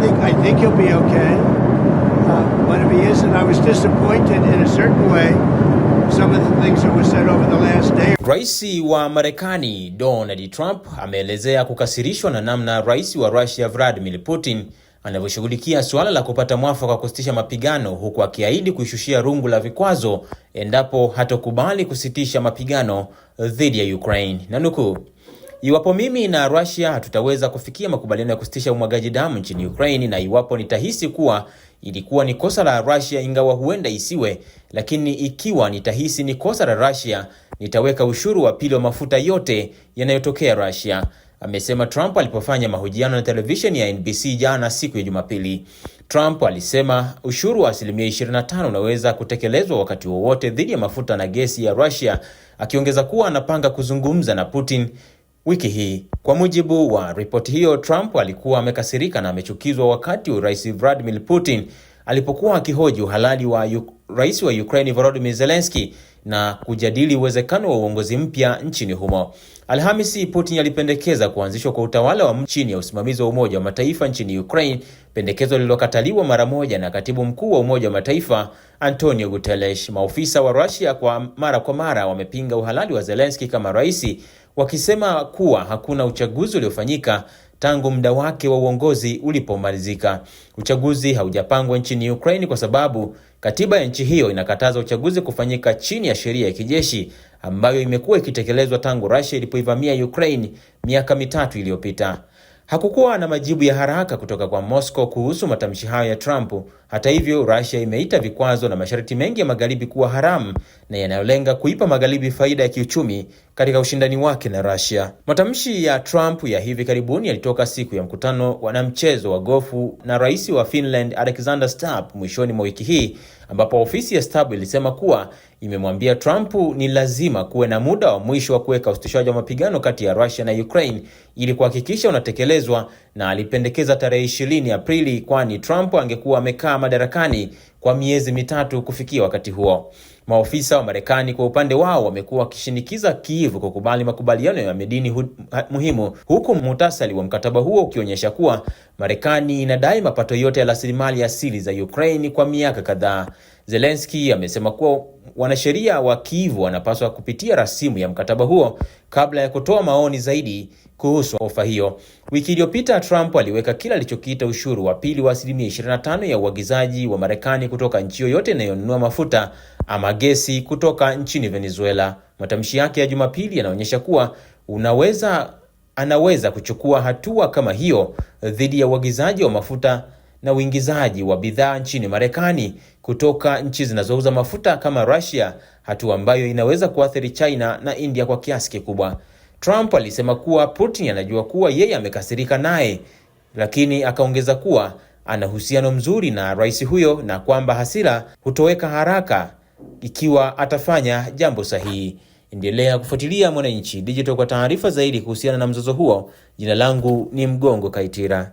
think I think he'll be okay. Uh, but if he isn't, I was disappointed in a certain way. Rais wa Marekani Donald Trump ameelezea kukasirishwa na namna Rais wa Russia Vladimir Putin anavyoshughulikia suala la kupata mwafaka wa kusitisha mapigano huku akiahidi kuishushia rungu la vikwazo endapo hatokubali kusitisha mapigano dhidi ya Ukraine. Nanukuu, Iwapo mimi na Russia hatutaweza kufikia makubaliano ya kusitisha umwagaji damu nchini Ukraine na iwapo nitahisi kuwa ilikuwa ni kosa la Russia, ingawa huenda isiwe, lakini ikiwa nitahisi ni kosa la Russia, nitaweka ushuru wa pili wa mafuta yote yanayotokea Russia, amesema Trump alipofanya mahojiano na televisheni ya NBC jana siku ya Jumapili. Trump alisema ushuru wa asilimia 25 unaweza kutekelezwa wakati wowote dhidi ya mafuta na gesi ya Russia, akiongeza kuwa anapanga kuzungumza na Putin wiki hii. Kwa mujibu wa ripoti hiyo, Trump alikuwa amekasirika na amechukizwa wakati Rais Vladimir Putin alipokuwa akihoji uhalali wa Rais wa Ukraine Volodymyr Zelensky na kujadili uwezekano wa uongozi mpya nchini humo. Alhamisi, Putin alipendekeza kuanzishwa kwa utawala wa chini ya usimamizi wa Umoja wa Mataifa nchini Ukraine, pendekezo lililokataliwa mara moja na Katibu Mkuu wa Umoja wa Mataifa Antonio Guterres. Maofisa wa Russia kwa mara kwa mara wamepinga uhalali wa Zelensky kama raisi wakisema kuwa hakuna uchaguzi uliofanyika tangu muda wake wa uongozi ulipomalizika. Uchaguzi haujapangwa nchini Ukraine kwa sababu katiba ya nchi hiyo inakataza uchaguzi kufanyika chini ya sheria ya kijeshi ambayo imekuwa ikitekelezwa tangu Russia ilipoivamia Ukraine miaka mitatu iliyopita. Hakukuwa na majibu ya haraka kutoka kwa Moscow kuhusu matamshi hayo ya Trump hata hivyo, Russia imeita vikwazo na masharti mengi ya magharibi kuwa haramu na yanayolenga kuipa magharibi faida ya kiuchumi katika ushindani wake na Russia. Matamshi ya Trump ya hivi karibuni yalitoka siku ya mkutano na mchezo wa gofu na rais wa Finland Alexander Stubb mwishoni mwa wiki hii, ambapo ofisi ya Stubb ilisema kuwa imemwambia Trump ni lazima kuwe na muda wa mwisho wa kuweka usitishaji wa mapigano kati ya Russia na Ukraine ili kuhakikisha unatekelezwa, na alipendekeza tarehe 20 Aprili, kwani Trump angekuwa amekaa madarakani kwa miezi mitatu kufikia wakati huo. Maofisa wa Marekani kwa upande wao wamekuwa wakishinikiza Kiev kukubali makubaliano ya madini hu muhimu, huku muhtasari wa mkataba huo ukionyesha kuwa Marekani inadai mapato yote ya rasilimali asili za Ukraine kwa miaka kadhaa. Zelensky amesema kuwa wanasheria wa kivu wanapaswa kupitia rasimu ya mkataba huo kabla ya kutoa maoni zaidi kuhusu ofa hiyo. Wiki iliyopita, Trump aliweka kile alichokiita ushuru wa pili wa asilimia 25 ya uagizaji wa Marekani kutoka nchi yoyote inayonunua mafuta ama gesi kutoka nchini Venezuela. Matamshi yake ya Jumapili yanaonyesha kuwa unaweza anaweza kuchukua hatua kama hiyo dhidi ya uagizaji wa mafuta na uingizaji wa bidhaa nchini Marekani kutoka nchi zinazouza mafuta kama Russia, hatua ambayo inaweza kuathiri China na India kwa kiasi kikubwa. Trump alisema kuwa Putin anajua kuwa yeye amekasirika naye, lakini akaongeza kuwa ana uhusiano mzuri na rais huyo na kwamba hasira hutoweka haraka ikiwa atafanya jambo sahihi. Endelea kufuatilia Mwananchi Digital kwa taarifa zaidi kuhusiana na mzozo huo. Jina langu ni Mgongo Kaitira.